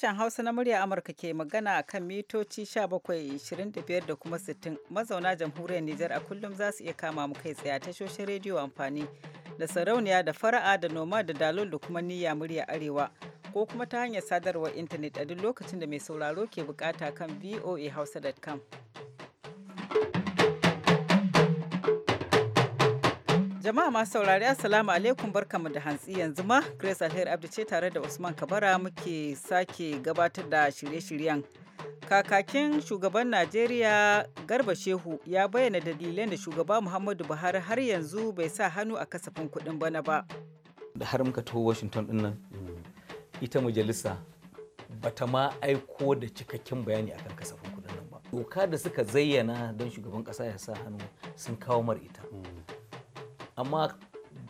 Sashen Hausa na murya Amurka ke magana a kan mitoci 1725 da kuma 60 mazauna jamhuriyar Nijar a kullum za su iya kama mu kai tsaye tashoshin rediyo amfani da sarauniya da fara'a da noma da dalol da kuma niyya murya arewa ko kuma ta hanyar sadarwar intanet a duk lokacin da mai sauraro ke bukata kan voahausa.com. Jama'a masu saurari Assalamu alaikum barkamu da hantsi yanzu ma Grace Alheri Abdi ce tare da Usman Kabara muke sake gabatar da shirye-shiryen. Kakakin shugaban Najeriya Garba Shehu ya bayyana dalilan da shugaba Muhammadu Buhari har yanzu bai sa hannu a kasafin kuɗin bana ba. Da har muka taho Washington ɗin nan ita majalisa bata ma aiko da cikakken bayani akan kasafin kuɗin nan ba. Doka da suka zayyana don shugaban kasa ya sa hannu sun kawo mar ita. amma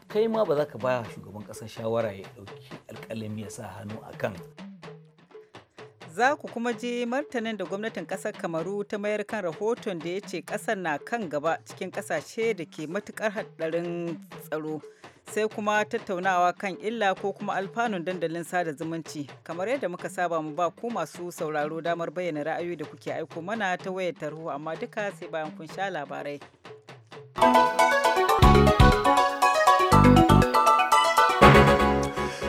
kai ma ba za ka baya shugaban ƙasa shawara ya ɗauki alƙalami ya sa hannu a kan za ku kuma je martanin da gwamnatin ƙasar kamaru ta mayar kan rahoton da ya ce ƙasar na kan gaba cikin ƙasashe da ke matuƙar haɗarin tsaro sai kuma tattaunawa kan illa ko kuma alfanun dandalin sada zumunci kamar yadda muka saba mu ba ku masu sauraro damar bayyana ra'ayoyi da kuke aiko mana ta wayar tarho amma duka sai bayan kun sha labarai.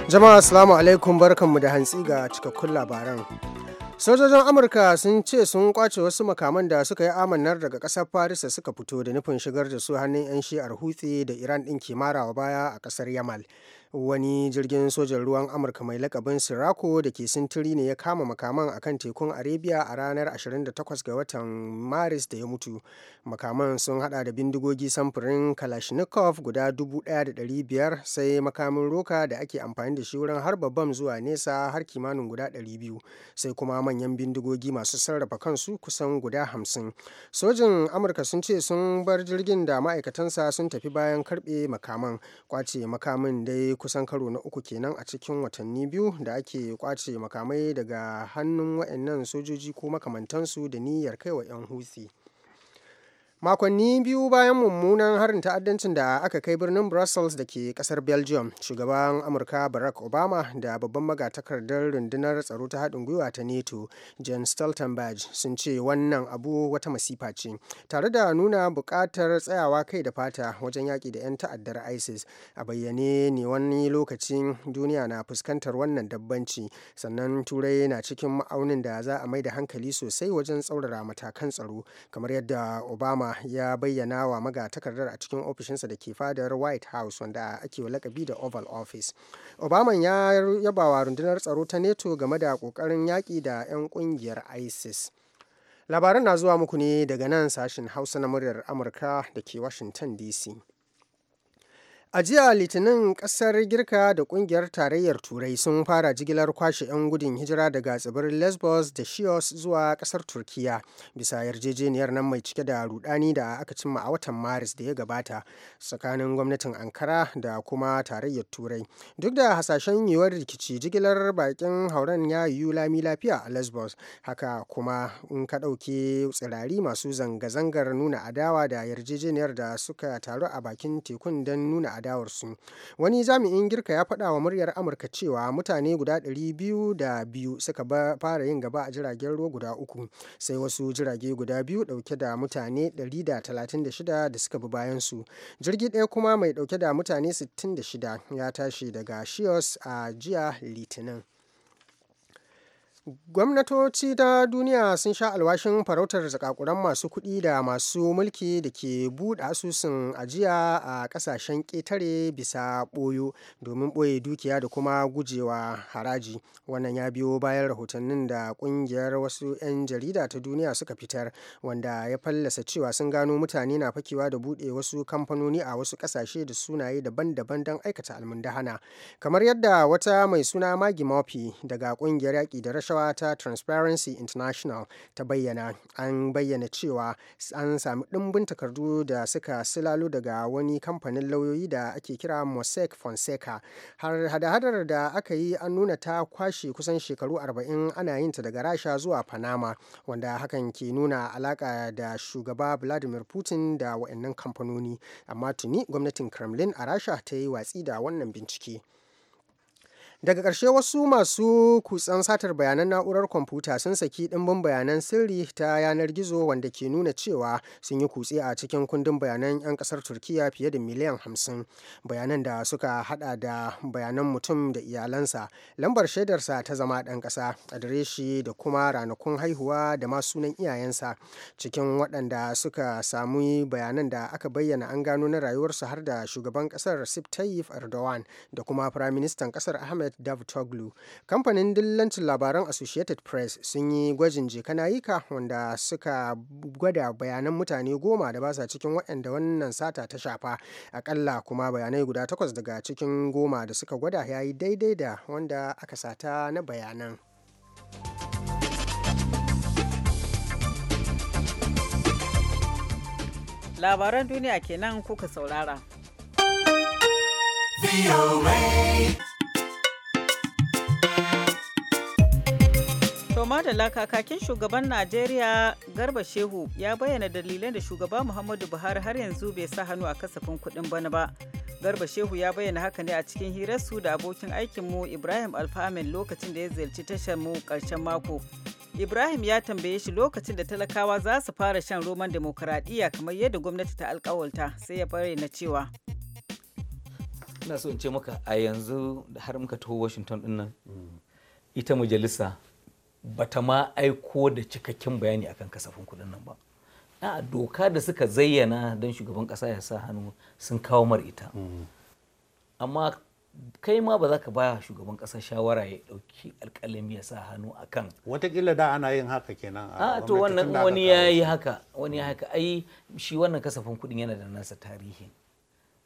Jama'a salamu alaikum barkanmu da hantsi ga cikakkun labaran. Sojojin Amurka sun ce sun kwace wasu makaman da suka yi amannar daga kasar paris da suka fito da nufin shigar da su hannun 'yan shi'ar hutse da Iran din ke marawa baya a kasar Yamal. wani jirgin sojan ruwan amurka mai lakabin sirako da ke sintiri ne ya kama makaman akan tekun arabia a ranar 28 ga watan maris da ya mutu makaman sun hada da bindigogi samfurin kalashnikov guda 1,500 sai makamin roka da ake amfani da shi wurin harba bam zuwa nesa har kimanin guda 200 sai kuma manyan bindigogi masu sarrafa kansu kusan guda 50 sojin amurka sun ce sun bar jirgin da ma'aikatansa sun tafi bayan karbe makaman kwace makamin dai kusan karo na uku kenan a cikin watanni biyu da ake kwace makamai daga hannun waɗannan sojoji ko makamantansu da niyyar kaiwa 'yan husi makonni biyu bayan mummunan harin ta'addancin da aka kai birnin brussels da ke kasar belgium shugaban amurka barack obama da babban magatakardar rundunar tsaro ta haɗin gwiwa ta nato jen stoltenberg sun ce wannan abu wata masifa ce tare da nuna buƙatar tsayawa kai da fata wajen yaƙi da 'yan ta'addar isis a bayyane ne wani lokacin duniya na fuskantar wannan dabbanci sannan turai na cikin ma'aunin da za a mai da hankali sosai wajen tsaurara matakan tsaro kamar yadda obama obama ya bayyana wa magatakardar a cikin ofishinsa da ke fadar white house wanda ake wa lakabi da oval office obama ya yaba wa rundunar tsaro ta NATO game da kokarin yaƙi da 'yan ƙungiyar isis labaran na zuwa muku ne daga nan sashen hausa na muryar amurka da ke washington dc A jiya Litinin kasar Girka da kungiyar tarayyar Turai sun fara jigilar kwashe 'yan gudun hijira daga tsibirin Lesbos da shios zuwa kasar Turkiya bisa yarjejeniyar nan mai cike da rudani da aka cimma a watan Maris da ya gabata tsakanin gwamnatin Ankara da kuma tarayyar Turai. Duk da hasashen yiwuwar rikici jigilar bakin hauren ya yiwu lami lafiya a Lesbos haka kuma in ka ɗauki tsirari masu zanga-zangar nuna adawa da yarjejeniyar da suka taru a bakin tekun don nuna adawarsu wani jami'in girka ya faɗa wa muryar amurka cewa mutane guda ɗari biyu da biyu suka fara yin gaba a jiragen ruwa guda uku sai wasu jirage guda biyu ɗauke da mutane ɗari da talatin da da shida suka bi bayan su jirgi ɗaya kuma mai ɗauke da mutane sittin da shida ya tashi daga shios a jiya litinin Gwamnatoci ta duniya sun sha alwashin farautar zakakuran masu kuɗi da masu mulki da ke buɗe asusun ajiya a ƙasashen ƙetare bisa ɓoyo domin ɓoye dukiya da kuma gujewa haraji. Wannan ya biyo bayan rahotannin da ƙungiyar wasu 'yan jarida ta duniya suka fitar wanda ya fallasa cewa sun gano mutane na fakewa da buɗe wasu kamfanoni a wasu ƙasashe da sunaye daban-daban don aikata almundahana. Kamar yadda wata mai suna magi mafi daga ƙungiyar yaƙi da rashawa cewa ta transparency international ta bayyana an bayyana cewa an sami ɗimbin takardu da suka silalo daga wani kamfanin lauyoyi da ake kira mosaic fonseca har hada-hadar da aka yi an nuna ta kwashe kusan shekaru 40 ana yin ta daga rasha zuwa panama wanda hakan ke nuna alaka da shugaba vladimir putin da waɗannan kamfanoni amma tuni gwamnatin kremlin a rasha ta yi watsi da wannan bincike daga ƙarshe wasu masu kutsan satar bayanan na'urar kwamfuta sun saki ɗimbin bayanan sirri ta yanar gizo wanda ke nuna cewa sun yi kutse a cikin kundin bayanan 'yan ƙasar turkiya fiye da miliyan hamsin bayanan da suka hada da bayanan mutum da iyalansa lambar shaidarsa ta zama ɗan ƙasa adireshi da kuma ranakun haihuwa da ma sunan iyayensa cikin waɗanda suka samu bayanan da aka bayyana an gano na rayuwarsu har da shugaban ƙasar sip Tayyip Erdogan da kuma firaministan ƙasar Ahmed ahmed davutoglu kamfanin dillancin labaran associated press sun yi gwajin jekanayika wanda suka gwada bayanan mutane goma da ba sa cikin waɗanda wannan sata ta shafa akalla kuma bayanai guda takwas daga cikin goma da suka gwada ya yi daidai da wanda aka sata na bayanan labaran duniya kenan kuka saurara. To madalla kakakin shugaban Najeriya Garba Shehu ya bayyana dalilan da shugaba Muhammadu Buhari har yanzu bai sa hannu a kasafin kuɗin bana ba. Garba Shehu ya bayyana haka ne a cikin hirarsu da abokin aikinmu Ibrahim alfamin lokacin da ya ziyarci tashar mu ƙarshen mako. Ibrahim ya tambaye shi lokacin da talakawa za su fara shan roman demokuraɗiyya kamar yadda gwamnati ta alkawalta sai ya na cewa. Ina so in ce maka a yanzu har muka taho Washington ɗin nan ita majalisa bata ma aiko da cikakken bayani akan kasafin kuɗin nan ba a doka da suka zayyana don shugaban kasa ya sa hannu sun kawo mar ita mm. amma kai ma ba za ka baya shugaban kasa shawara ya ɗauki alkalami ya sa hannu a watakila da ana yin haka kenan a to wannan wani ya yi haka wani ya haka ai shi wannan kasafin kuɗin yana da nasa tarihi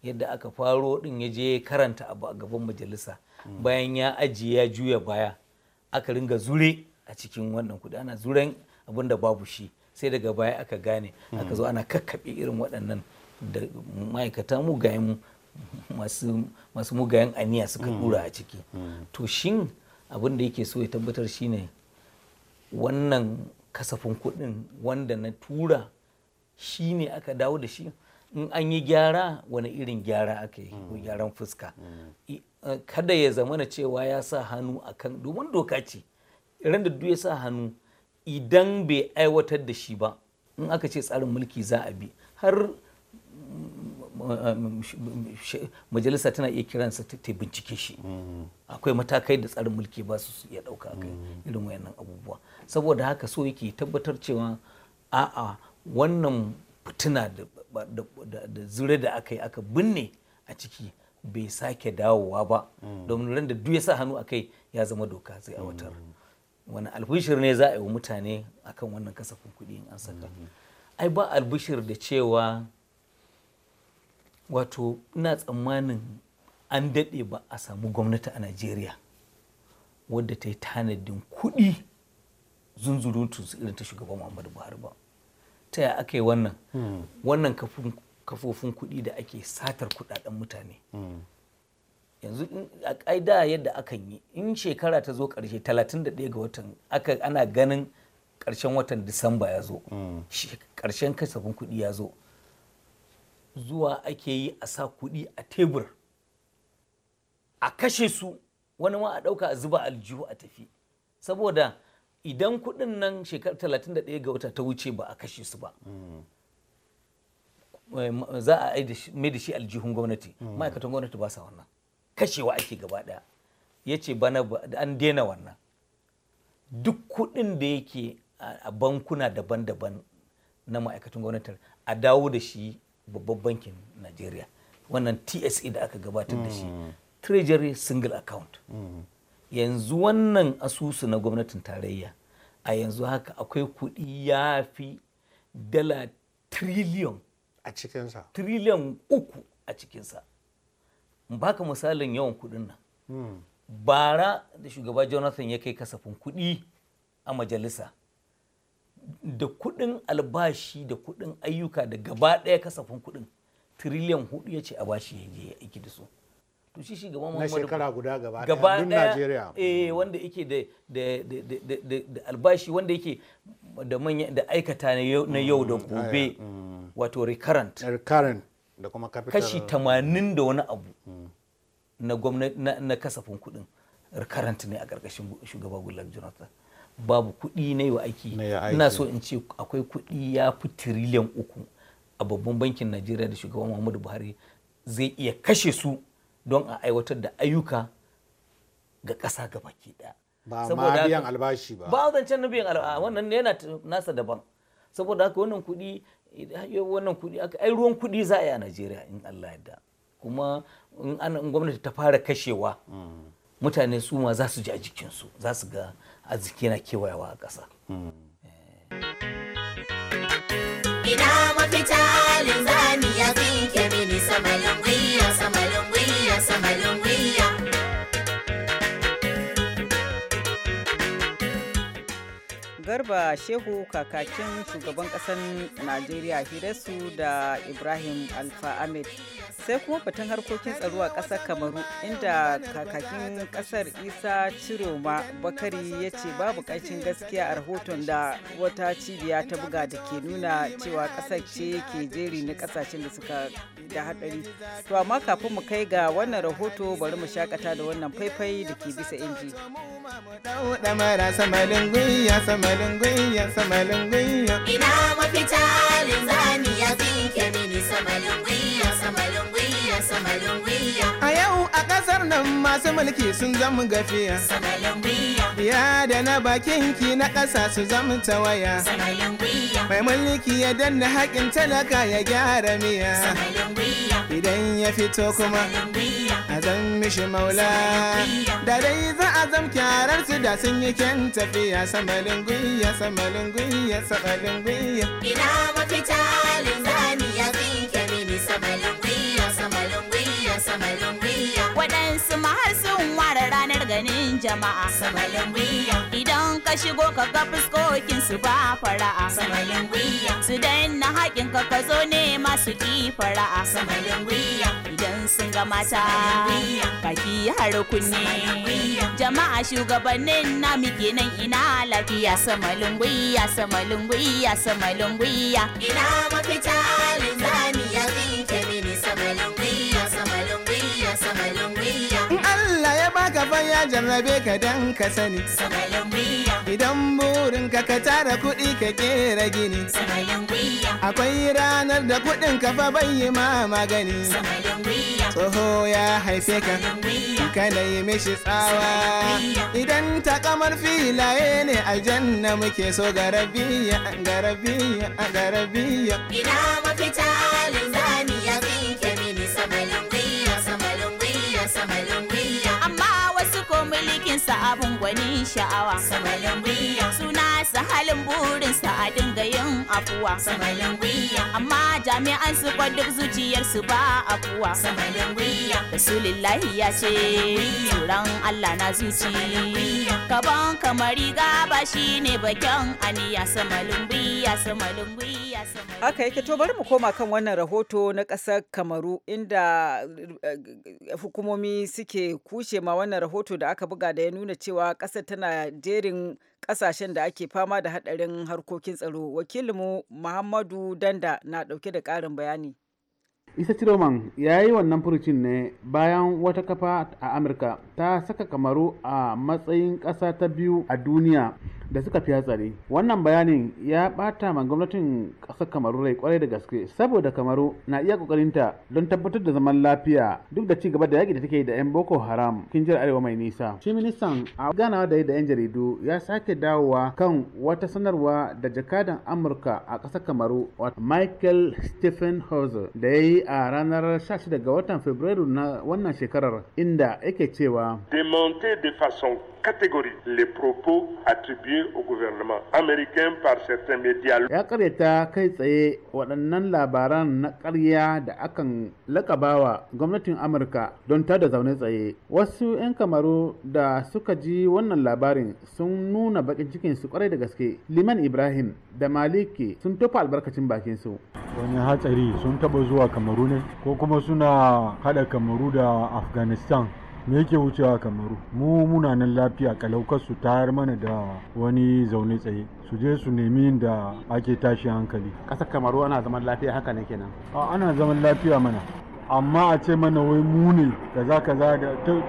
yadda aka faro din ya je karanta abu a gaban majalisa mm. bayan ya ajiye ya juya baya aka ringa zure a cikin wannan kuɗi ana zuren abin da babu shi sai daga baya aka gane aka zo ana kakkaɓe irin waɗannan da ma'aikata mugayen masu mugayen aniya suka dura mm. a ciki mm. to shin abin da yake so ya tabbatar shine wannan kasafin kuɗin wanda na tura shi ne aka dawo da shi in an yi gyara wani irin gyara aka yi mm. gyaran fuska eh, kada ya zama na cewa ya sa hannu akan domin doka ce ran da ya sa hannu idan bai aiwatar da shi ba in aka ce tsarin mulki za a bi har mm, mm, mm, majalisa tana iya kiransa ta bincike shi akwai matakai da tsarin mulki ba su iya ɗauka kai irin wayannan abubuwa saboda haka so yake tabbatar cewa a'a wannan fitina da zure da aka yi aka binne a ciki bai sake dawowa ba domin ran da duk ya sa hannu a kai ya zama doka zai awatar. wani albishir ne za a yi wa mutane akan wannan kasafin kuɗi an saka ai ba albishir da cewa wato ina tsammanin an daɗe ba a samu gwamnati a najeriya wadda ta yi tanadin kuɗi su irin ta shugaban muhammadu buhari ba ta yaya aka yi wannan hmm. wannan kafofin kuɗi da ake satar kuɗaɗen mutane hmm. yanzu a ƙaida yadda akan yi in shekara ta zo ƙarshe 31 ga watan ana ganin ƙarshen watan disamba ya zo mm. ƙarshen kasafin kuɗi ya zo zuwa ake yi a sa kuɗi a tebur a kashe su wani ma a ɗauka a zuba aljihu a tafi saboda idan kuɗin nan shekara 31 ga wata ta wuce ba a kashe su ba mm. eh, za a mai da shi aljihun gwamnati mm. ma'aikatan gwamnati ba sa wannan kashewa ake gaba ɗaya ya ce bana an daina wannan duk kuɗin da yake a bankuna daban-daban na ma'aikatan gwamnatin a dawo da shi babban bankin najeriya wannan tsa da aka gabatar da shi mm. treasury single account mm. yanzu wannan asusu na gwamnatin tarayya a yanzu haka akwai kuɗi ya fi dala triliyon a cikinsa triliyon uku a cikinsa baka misalin yawan kudin nan hmm. bara da shugaba jonathan ya kai kasafin kudi a majalisa da kudin albashi da kudin ayyuka da gaba daya kasafin kudin triliyan hudu ya ce a bashi ya je aiki da su to shi shugaba na shekara guda gaba duk Najeriya eh wanda yake da da albashi wanda yake da manya da aikata na yau da hmm. gobe hmm. wato recurrent recurrent da kuma kashi 80 da wani abu na gwamnati na kasafin kuɗin karanta ne a ƙarƙashin shugaba Goodluck Jonathan babu kuɗi na yi wa aiki ina so in ce akwai kuɗi ya fi tiriliyan uku a babban bankin Najeriya da shugaban Muhammadu Buhari zai iya kashe su don a aiwatar da ayyuka ga ƙasa gabaki ɗaya ba ma biyan albashi ba ba zancen na biyan albashi wannan yana nasa daban saboda haka wannan kuɗi idan wannan kuɗi aka ai ruwan kuɗi za a yi a Najeriya in Allah yadda kuma in gwamnati ta fara kashewa mutane su ma za su ji a jikinsu za su ga arziki na kewayawa a ƙasa. Hmm. Eh. Ina mafita garba shehu kakakin shugaban kasar najeriya hiresu da ibrahim alfa ahmed sai kuma batun harkokin tsaro a ƙasar kamaru inda kakakin ƙasar isa ciroma bakari ya ce babu ƙarshen gaskiya a rahoton da wata cibiya ta buga da ke nuna cewa ƙasar ce ke jeri na ƙasashen da suka da haɗari to amma kafin mu kai ga wannan rahoto bari mu shakata da wannan faifai da ke bisa inji Ina mafita linzani ya tsinke mini samalin gwiya A yau a ƙasar nan masu mulki sun zama gafiya. Biya da na bakin ki na ƙasa su zama waya. Mai mulki ya danna haƙin talaka ya gyara miya. Idan ya fito kuma a zan mishi maula. Da dai za a zam kyarar su da sun yi kyan tafiya. Samalin gwiya, samalin gwiya, samalin gwiya. Ina mafita linzani ya tsinke mini samalin ganin jama'a samalin wiya idan ka shigo ka ga fuskokin su ba fara'a samalin wiya su daina haƙin ka ka zo ne masu ki fara'a samalin wiya idan sun ga mata baki har kunne jama'a shugabannin na muke nan ina lafiya samalin wiya samalin wiya samalin wiya ina mafi ne na jarrabe ka dan ka sani idan burin ka tara kuɗi ka kera gini akwai ranar da kuɗin ka fa bai ma magani tsoho ya haife ka kana yi mishi tsawa idan ta kamar filaye ne aljanna muke so garabiya garabiya garabiya ina mafita sa abun gwani sha'awa. Samayin halin burinsa a dinga yin afuwa. Samalin wiya. Amma jami'an su duk zuciyarsu ba afuwa. Samalin wiya. Rasulillahi ya ce, Turan Allah na zuci. Kaban kamari ba shi ne bakin aniya samalin wiya samalin wiya samalin Haka yake to bari mu koma kan wannan rahoto na ƙasar Kamaru inda eh, hukumomi suke kushe ma wannan rahoto da aka buga da ya nuna cewa ƙasar tana jerin kasashen da ake fama da hadarin harkokin tsaro wakilinmu muhammadu danda na dauke da karin bayani isa ciroman ya yi wannan furucin ne bayan wata kafa a amurka ta saka kamaru a matsayin ƙasa ta biyu a duniya da suka fi hatsari wannan bayanin ya bata ma gwamnatin ƙasar kamaru rai kwarai da gaske saboda kamaru na iya ta don tabbatar da zaman lafiya duk da cigaba da yaƙi da take da 'yan boko haram kin jira arewa mai nisa shi ministan a ganawa da da 'yan jaridu ya sake dawowa kan wata sanarwa da jakadan amurka a ƙasar kamaru michael stephen hauser da ya yi a ranar 16 ga watan fabrairu na wannan shekarar inda yake cewa de façon catégorie les propos attribués au gouvernement américain par certains médias. Ya karyata kai tsaye waɗannan labaran na ƙarya da akan lakabawa gwamnatin Amurka don tada zaune tsaye. Wasu 'yan kamaru da suka ji wannan labarin sun nuna bakin cikin su kwarai da gaske. Liman Ibrahim da Maliki sun tofa albarkacin bakin su. Wani hatsari sun taba zuwa kamaru ne ko kuma suna haɗa kamaru da Afghanistan me yake wucewa kamaru mu muna nan lafiya kalaukar su tayar mana da wani zaune tsaye su je su nemi da ake tashi hankali ƙasar kamaru ana zaman lafiya haka ne kenan ana zaman lafiya mana amma a ce mana wai mu ne kaza kaza da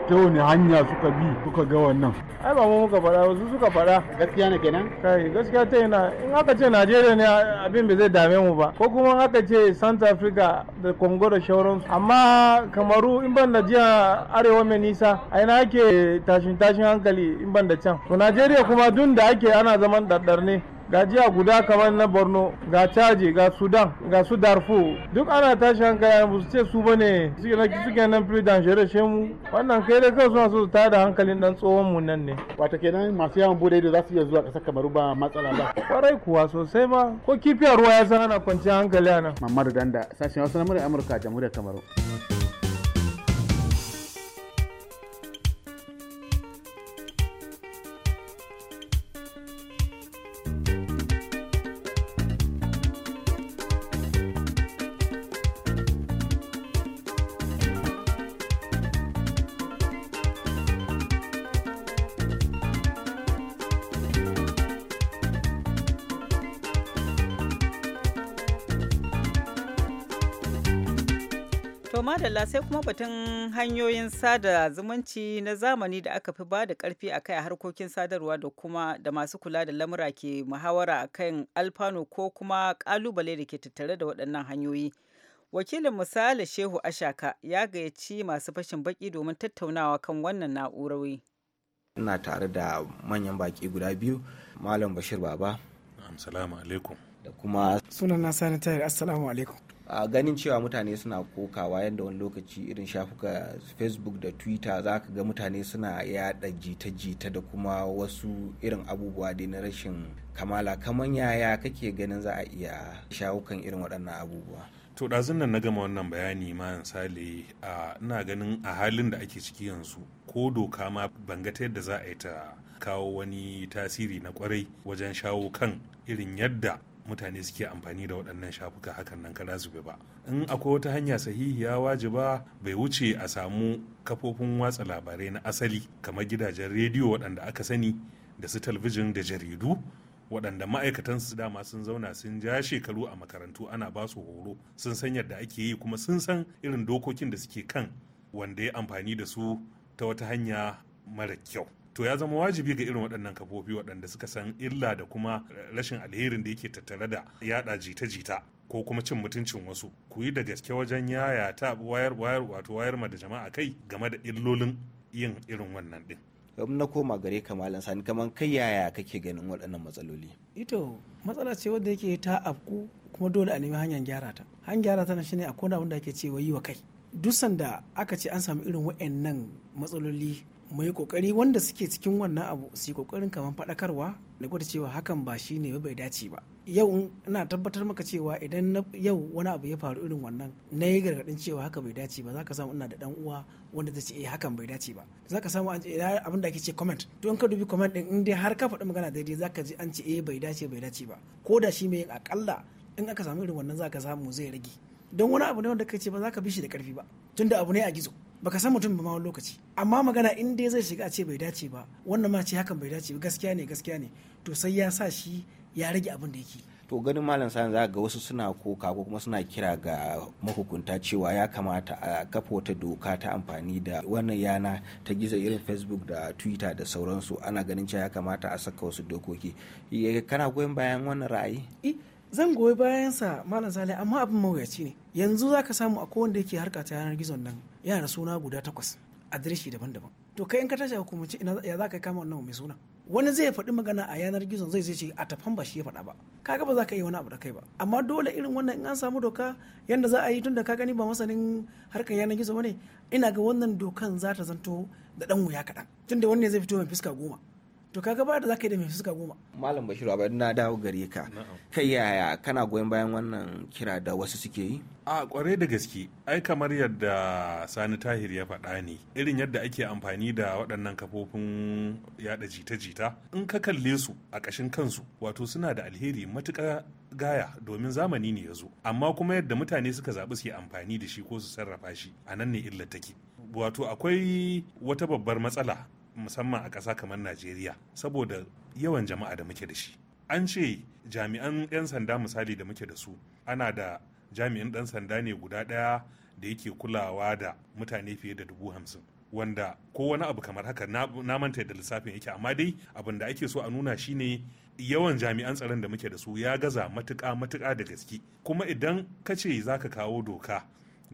ta wani hanya suka bi suka ga wannan ai ba mu muka faɗa wasu suka faɗa gaskiya ne kenan kai gaskiya ta yana in aka ce Najeriya ne abin bai zai dame mu ba ko kuma aka ce South Africa da Congo da shauransu amma kamaru in ban da jiya arewa mai nisa ai na ake tashin tashin hankali in ban da can to Najeriya kuma dun da ake ana zaman daddar ne ga jiya guda kamar na borno ga caji ga sudan ga su duk ana tashi hankali ba su ce su bane suke na suke nan fili danshere she mu wannan kai dai kawai suna so su tada hankalin dan tsohon mu nan ne ke kenan masu yawan bude da za su iya zuwa kasa kamaru ba matsala ba kwarai kuwa sosai ma ko kifiyar ruwa ya san ana kwanciyar hankali a nan mamadu danda sashen wasu na amurka jamhuriyar kamaru To madalla sai kuma batun hanyoyin sada zumunci na zamani da aka fi ba da karfi a kai a harkokin sadarwa da kuma da masu kula da lamura ke muhawara a kan alfano ko kuma kalubale da ke tattare da waɗannan hanyoyi. Wakilin misali Shehu Ashaka ya gayyaci masu fashin baki domin tattaunawa kan wannan na'urori. Ina tare da manyan baki guda biyu, Malam Bashir Baba. Assalamu alaikum. Da kuma sunan na sanitari Assalamu alaikum. a ganin cewa mutane suna kokawa yadda wani lokaci irin shafuka facebook da twitter za ka ga mutane suna yada jita-jita da kuma wasu irin abubuwa dai na rashin kamala kamar yaya kake ganin za a iya shawo irin waɗannan abubuwa to ɗazun nan na gama wannan bayani ma sale ina ganin a halin da ake ciki yanzu ko doka ma ban ta yadda za a yi ta kawo wani tasiri na kwarai wajen shawo kan irin yadda mutane suke amfani da waɗannan shafuka hakan nan kada zube ba in akwai wata hanya sahihiya wajiba bai wuce a samu kafofin watsa labarai na asali kamar gidajen rediyo waɗanda aka sani da su talbijin da jaridu waɗanda ma'aikatan su dama sun zauna sun ja shekaru a makarantu ana ba su horo sun san yadda ake yi kuma sun san irin dokokin da suke kan wanda ya amfani da su ta wata hanya mara kyau to ya zama wajibi ga irin waɗannan kafofi waɗanda suka san illa da kuma rashin alherin da yake tattare da yada jita-jita ko kuma cin mutuncin wasu ku yi da gaske wajen yaya ta wayar wayar wato wayar ma da jama'a kai game da illolin yin irin wannan din na koma gare ka malam sani kaman kai yaya kake ganin waɗannan matsaloli ito matsala ce wadda yake ta afku kuma dole a nemi hanyar gyara ta hanyar gyara ta shine a kona wanda ake wa yi wa kai duk da aka ce an samu irin waɗannan matsaloli mu yi kokari wanda suke cikin wannan abu su yi kokarin kamar faɗakarwa da gwada cewa hakan ba shi ne bai dace ba yau ina tabbatar maka cewa idan yau wani abu ya faru irin wannan na yi gargaɗin cewa haka bai dace ba za ka samu ina da ɗan uwa wanda zai ce eh, hakan bai dace ba za ka samu abin da ake ce comment to in ka dubi comment ɗin in dai har ka faɗi magana daidai za ka ji an ce eh bai dace bai dace ba ko da shi mai akalla in aka samu irin wannan za ka samu zai rage don wani abu ne wanda ka ce ba za ka bi shi da ƙarfi ba tunda abu ne a gizo baka san mutum ba ma wani lokaci amma magana in dai zai shiga a ce bai dace ba wannan ma ce hakan bai dace ba gaskiya ne gaskiya ne to sai ya sa shi ya rage abin da yake to ganin malam sani za ga wasu suna koka ko kuma suna kira ga mahukunta cewa ya kamata a kafa wata doka ta amfani da wannan yana ta gizo irin facebook da twitter da sauransu ana ganin cewa ya kamata a saka wasu dokoki kana goyon bayan wannan ra'ayi zan goyi bayansa malam sale amma abin mawuyaci ne yanzu za ka samu a kowanne yake harka ta yanar gizon nan yana da suna guda takwas a adireshi daban-daban to kai in ka tashi hukumance ina ya za ka kama wannan mai suna wani zai faɗi magana a yanar gizon zai zai ce a tafan ba shi ya faɗa ba kaga ba za ka yi wani abu da kai ba amma dole irin wannan in an samu doka yanda za a yi tun da ka gani ba masanin harkar yanar gizo bane ina ga wannan dokan za ta zanto da dan wuya kaɗan tunda wani zai fito mai fiska goma to ka gaba da zaka yi da mai fuska goma malam bashiru abai na dawo gare ka kai yaya kana goyon bayan wannan kira da wasu suke yi a kwarai da gaske ai kamar yadda sani tahir ya faɗa ne irin yadda ake amfani da waɗannan kafofin yaɗa jita-jita in ka kalle su a ƙashin kansu wato suna da alheri matuƙa gaya domin zamani ne ya zo amma kuma yadda mutane suka zaɓi su amfani da shi ko su sarrafa shi a nan ne illa take wato akwai wata babbar matsala musamman a ƙasa kamar najeriya saboda yawan jama'a da muke da shi an ce jami'an 'yan sanda misali da muke da su ana da jami'in ɗan sanda ne guda ɗaya da yake kulawa da mutane fiye da dubu hamsin wanda ko wani abu kamar haka na manta da lissafin yake amma dai abin da ake so a nuna shine yawan jami'an tsaron da muke da su ya gaza matuka-matuka da gaske kuma idan ka ce za ka kawo doka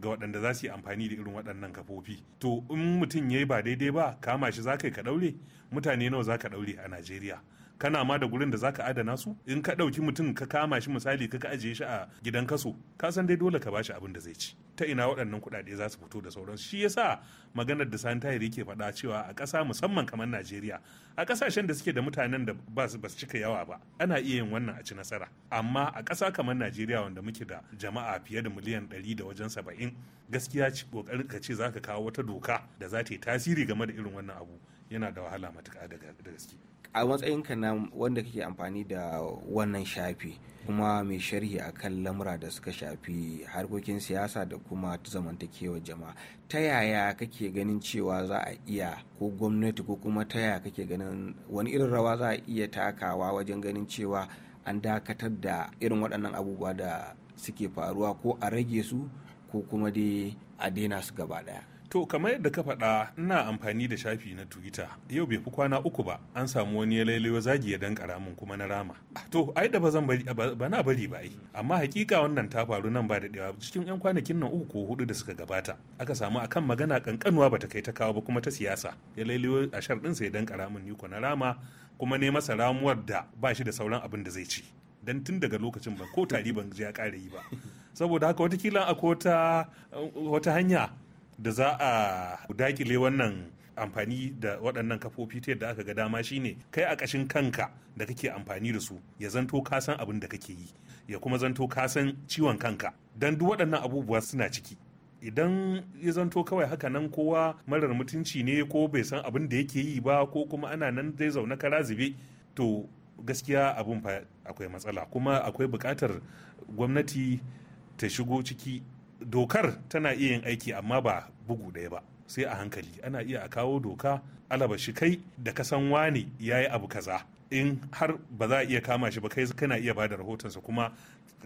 ga waɗanda za su yi amfani da irin waɗannan kafofi to in mutum ya yi ba daidai ba kama shi za ka yi ka ɗaure mutane nawa za ka ɗaure a najeriya kana ma da gurin da zaka adana su in ka ɗauki mutum ka kama shi misali ka ka ajiye shi a gidan kaso ka san dai dole ka bashi abin da zai ci ta ina waɗannan kuɗaɗe za su fito da sauransu shi yasa maganar da sani tahiri ke faɗa cewa a ƙasa musamman kamar najeriya a ƙasashen da suke da mutanen da ba su cika yawa ba ana iya yin wannan a ci nasara amma a ƙasa kamar najeriya wanda muke da jama'a fiye da miliyan ɗari da wajen saba'in gaskiya ƙoƙarin ka ce za ka kawo wata doka da za ta yi tasiri game da irin wannan abu yana da wahala matuƙa da gaske a matsayinka na wanda kake amfani da wannan shafi kuma mai sharhi a kan lamura da suka shafi harkokin siyasa da kuma zamantakewar jama'a ta yaya kake ganin cewa za a iya ko gwamnati ko kuma ta yaya kake ganin wani irin rawa za a iya takawa wajen ganin cewa an dakatar da irin waɗannan abubuwa da suke faruwa ko a rage su ko kuma dai a daina su gaba ɗaya To kamar yadda ka faɗa ina amfani da shafi na Twitter yau bai fi kwana uku ba an samu wani ya lailayo zagi ya dan karamin kuma na rama. Ah, to ai da ba bari ba na bari ba ai amma hakika wannan ta faru nan ba da dawa cikin yan kwanakin nan uku ko hudu da suka gabata aka samu akan magana kankanuwa ta kai ta kawo ba kuma ta siyasa ya lailayo a sharɗin sa ya dan karamin niko na rama kuma ne masa ramuwar da ba shi da sauran abin da zai ci. dan tun daga lokacin ban ko tari ban ji ya kare yi ba saboda haka watakila akwai wata hanya da za a dakile wannan amfani da waɗannan kafofi ta yadda aka ga dama shine kai a ƙashin kanka da kake amfani da su ya zanto ka san abin da kake yi ya kuma zanto ka san ciwon kanka don duk waɗannan abubuwa suna ciki idan ya zanto kawai haka nan kowa marar mutunci ne ko bai san abin da yake yi ba ko kuma ana nan zai zaune kara zube to gaskiya abin fa akwai matsala kuma akwai buƙatar gwamnati ta shigo ciki dokar tana iya yin aiki amma ba bugu ɗaya ba sai a hankali ana iya a kawo doka alaba shi, kai da kasan wane ya yi abu kaza in har ba za a iya kama shi ba kai kana iya ba da rahotonsa kuma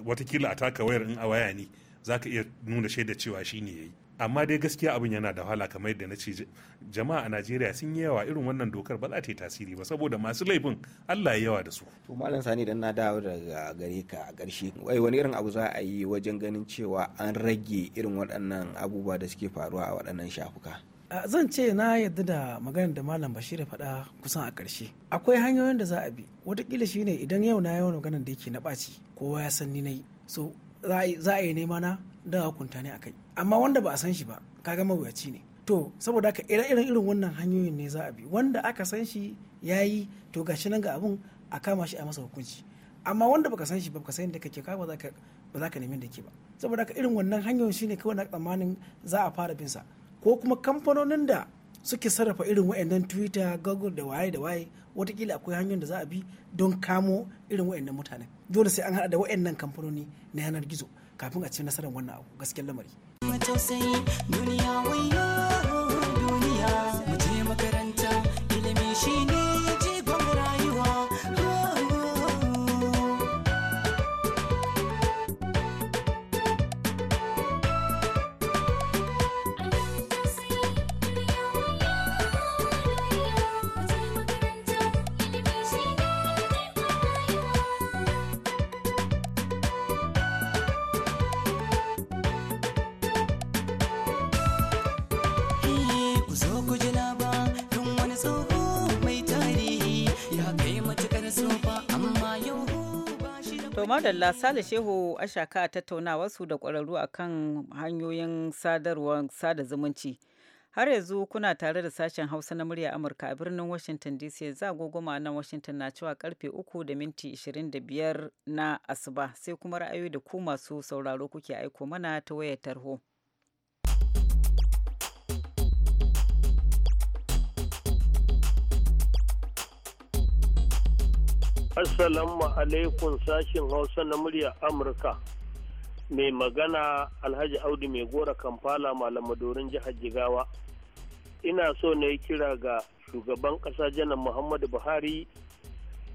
watakila a taka wayar in a waya ne za ka iya nuna shaida cewa shi ne ya yi amma dai gaskiya abin yana da hala kamar yadda na ce jama'a a najeriya sun yi yawa irin wannan dokar ba za ta yi tasiri ba saboda masu laifin allah ya yawa da su to malam sani dan na dawo daga gare ka a ƙarshe wai wani irin abu za a yi wajen ganin cewa an rage irin waɗannan abubuwa da suke faruwa a waɗannan shafuka zan ce na yadda da maganar da malam bashir ya faɗa kusan a ƙarshe akwai hanyoyin da za a bi watakila shine idan yau na yawan maganar da yake na ɓaci kowa ya san ni na yi so za a yi nema na da hukunta ne akai amma wanda ba a san shi ba kaga mawuyaci ne to saboda haka ire-iren irin wannan hanyoyin ne za a bi wanda aka san shi yayi to gashi nan ga abun a kama shi a masa hukunci amma wanda baka san shi ba ka san da kake ka ba za ka ba za ka nemi da ke ba saboda haka irin wannan hanyoyin shine kawai na tsammanin za a fara bin sa ko kuma kamfanonin da suke sarrafa irin wa'annan twitter google da waye da waye watakila akwai hanyoyin da za a bi don kamo irin wa'annan mutanen dole sai an haɗa da waɗannan kamfanoni na yanar gizo kafin a ci nasarar wannan abu gaskiyar lamari. Matausayi duniya wayo duniya. Madalla Sale Shehu Ashaka a tattaunawar wasu da ƙwararru akan hanyoyin sadarwar sada zumunci. Har yanzu kuna tare da sashen Hausa na murya Amurka a birnin Washington DC za goma nan Washington na cewa karfe 3 da minti 25 na asuba sai kuma ra'ayoyi da ku masu sauraro kuke aiko mana ta wayar tarho. Assalamu alaikum sashin Hausa na murya Amurka. Mai magana Alhaji Audu mai gora Kampala malamadorin jihar Jigawa. Ina so na yi kira ga shugaban ƙasa janar Muhammadu Buhari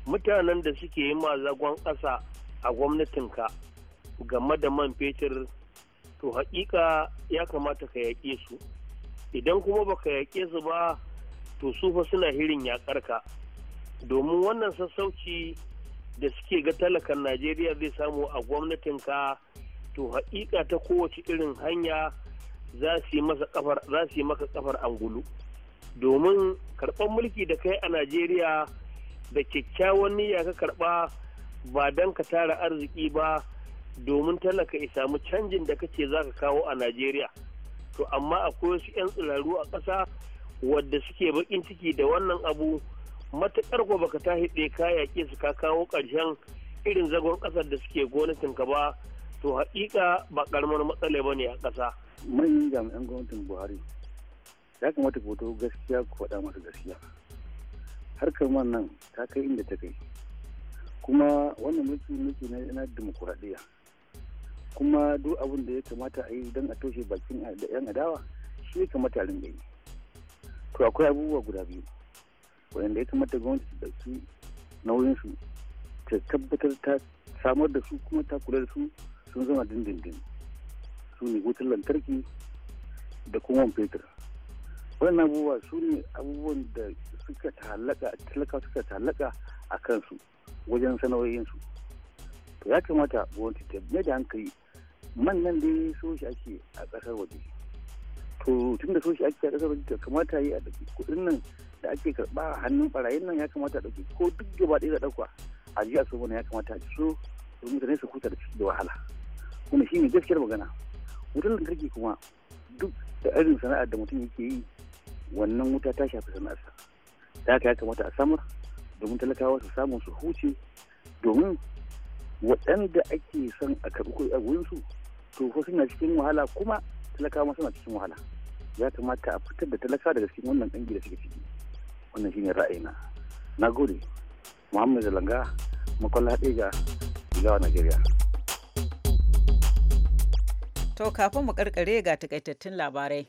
mutanen da suke yi ma zagon ƙasa a gwamnatinka game da man fetur to haƙiƙa ya kamata ka yaƙe su. Idan kuma ba ka yaƙe su ba to su fa suna hirin yaƙarka. ka. domin wannan sassauci da suke ga talakan najeriya zai samu a gwamnatinka to haƙiƙa ta kowace irin hanya za su yi maka kafar angulu domin karɓar mulki da kai a najeriya da kyakkyawan niyya ka karɓa ba don ka tara arziki ba domin talaka ya samu canjin da kace za ka kawo a najeriya to amma akwai wasu 'yan tsiraru a ƙasa wadda suke baƙin ciki da wannan abu matuƙar gobe ka ta hiɗe ka yaƙe su ka kawo ƙarshen irin zagon ƙasar da suke gwamnatin ka ba to haƙiƙa ba ƙaramar matsala ba ne a ƙasa. manyan jami'an gwamnatin buhari ya kamata ku to gaskiya ku faɗa masa gaskiya harkar man nan ta kai inda ta kai kuma wannan mulki mulki na yana dimokuraɗiyya. kuma duk abin da ya kamata a yi don a toshe bakin da yan adawa shi ya kamata a rinda yi to akwai abubuwa guda biyu waɗanda ya kamata gwamnati su nauyin nauyinsu ta tabbatar ta samar da su kuma ta kula da su sun zama dindindin su ne wutar lantarki da kuma fetur wannan abubuwa su ne abubuwan da suka talaka talaka suka talaka a kansu wajen su to ya kamata gwamnati ta mai da hankali man nan dai so shi ake a ƙasar waje to tun da soshi ake a ƙasar waje kamata yi a kuɗin nan da ake karba a hannun barayin nan ya kamata ɗauki ko duk gaba ɗaya da ɗauka a jiya su ya kamata a so su mutane su kuta da wahala kuma shi ne gaskiyar magana wutar lantarki kuma duk da irin sana'ar da mutum yake yi wannan wuta ta shafi sana'arsa da haka ya kamata a samar domin talakawa su samu su huce domin waɗanda ake son a karɓi kuɗi a to fa suna cikin wahala kuma talakawa suna cikin wahala ya kamata a fitar da talaka daga cikin wannan dangi da suke ciki wannan shine ra'ayina na gode muhammad zalanga haɗe ga ilawa nigeria to kafin mu karkare ga takaitattun labarai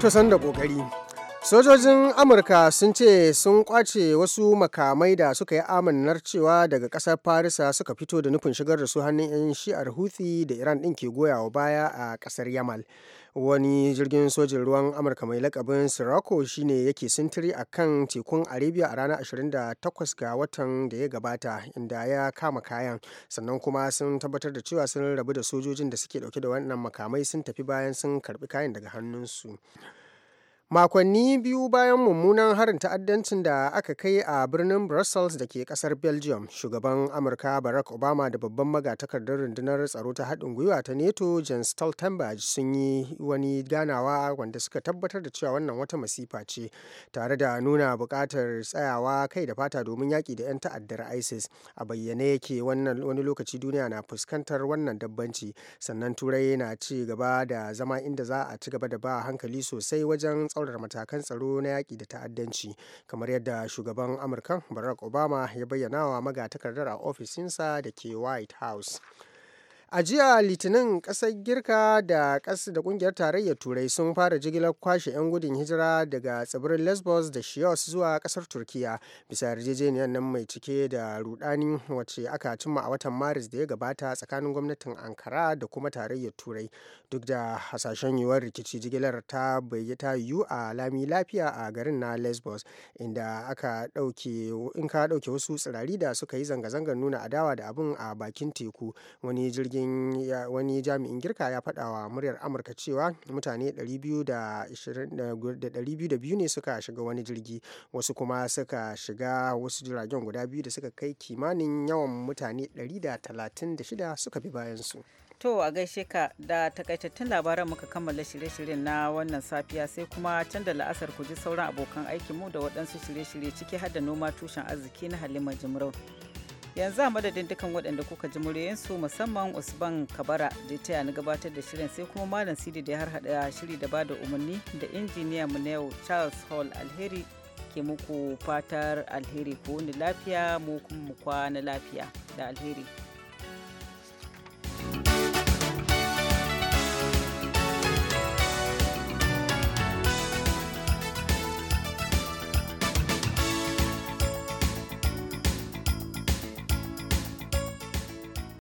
to san da kokari Sojojin Amurka sun ce sun kwace wasu makamai da suka yi amannar cewa daga kasar Farisa suka fito da nufin shigar da su hannun 'yan shi'ar Houthi da Iran ɗin ke goyawa baya a ƙasar Yamal. wani jirgin sojin ruwan amurka mai lakabin sirako shine yake sintiri a kan tekun arabia a ranar 28 ga watan da ya gabata inda ya kama kayan sannan kuma sun tabbatar da cewa sun rabu da sojojin da suke dauke da wannan makamai sun tafi bayan sun karbi kayan daga hannunsu makonni biyu bayan mummunan harin ta'addancin da aka kai a birnin brussels da ke kasar belgium shugaban amurka barack obama da babban magatakardar rundunar tsaro ta haɗin gwiwa ta neto jan stoltenberg sun yi wani ganawa wanda suka tabbatar da cewa wannan wata masifa ce tare da nuna buƙatar tsayawa kai da fata domin yaƙi da 'yan ta'addar isis a bayyane yake wannan wani lokaci duniya na fuskantar wannan dabbanci sannan turai na ci gaba da zama inda za a ci gaba da ba hankali sosai wajen ɗaurar matakan tsaro na yaƙi da ta'addanci kamar yadda shugaban amurkan barack obama ya bayyana wa magatakardar a ofishinsa da ke white house A jiya Litinin kasar Girka da kasar da ƙungiyar tarayyar Turai sun fara jigilar kwashe 'yan gudun hijira daga tsibirin Lesbos da shios zuwa kasar Turkiya bisa yarjejeniyar nan mai cike da rudani wacce aka cimma a watan Maris da ya gabata tsakanin gwamnatin Ankara da kuma tarayyar Turai. Duk da hasashen yiwuwar rikici jigilar ta bayyata yiwu a lami lafiya a garin na Lesbos inda aka ɗauke in ka ɗauke wasu tsirari da suka yi zanga-zangar nuna adawa da abin a bakin teku wani jirgin bakin wani jami'in girka ya faɗa wa muryar amurka cewa mutane 222 ne suka shiga wani jirgi wasu kuma suka shiga wasu jiragen guda biyu da suka kai kimanin yawan mutane 136 suka bi su To a gaishe ka da takaitattun labaran muka kammala shirye-shiryen na wannan safiya sai kuma can da la'asar ku ji sauran abokan aikinmu da waɗansu shirye-shirye ciki har da noma tushen arziki na Halima Jimrau. yanzu a madadin dukkan waɗanda kuka ji muryoyinsu musamman usman kabara da ta taya na gabatar da shirin sai kuma malam sidi da ya harhaɗa shiri da bada umarni da injiniya mu na yau charles hall alheri ke muku fatar alheri ko wani lafiya mu kuma kwana lafiya da alheri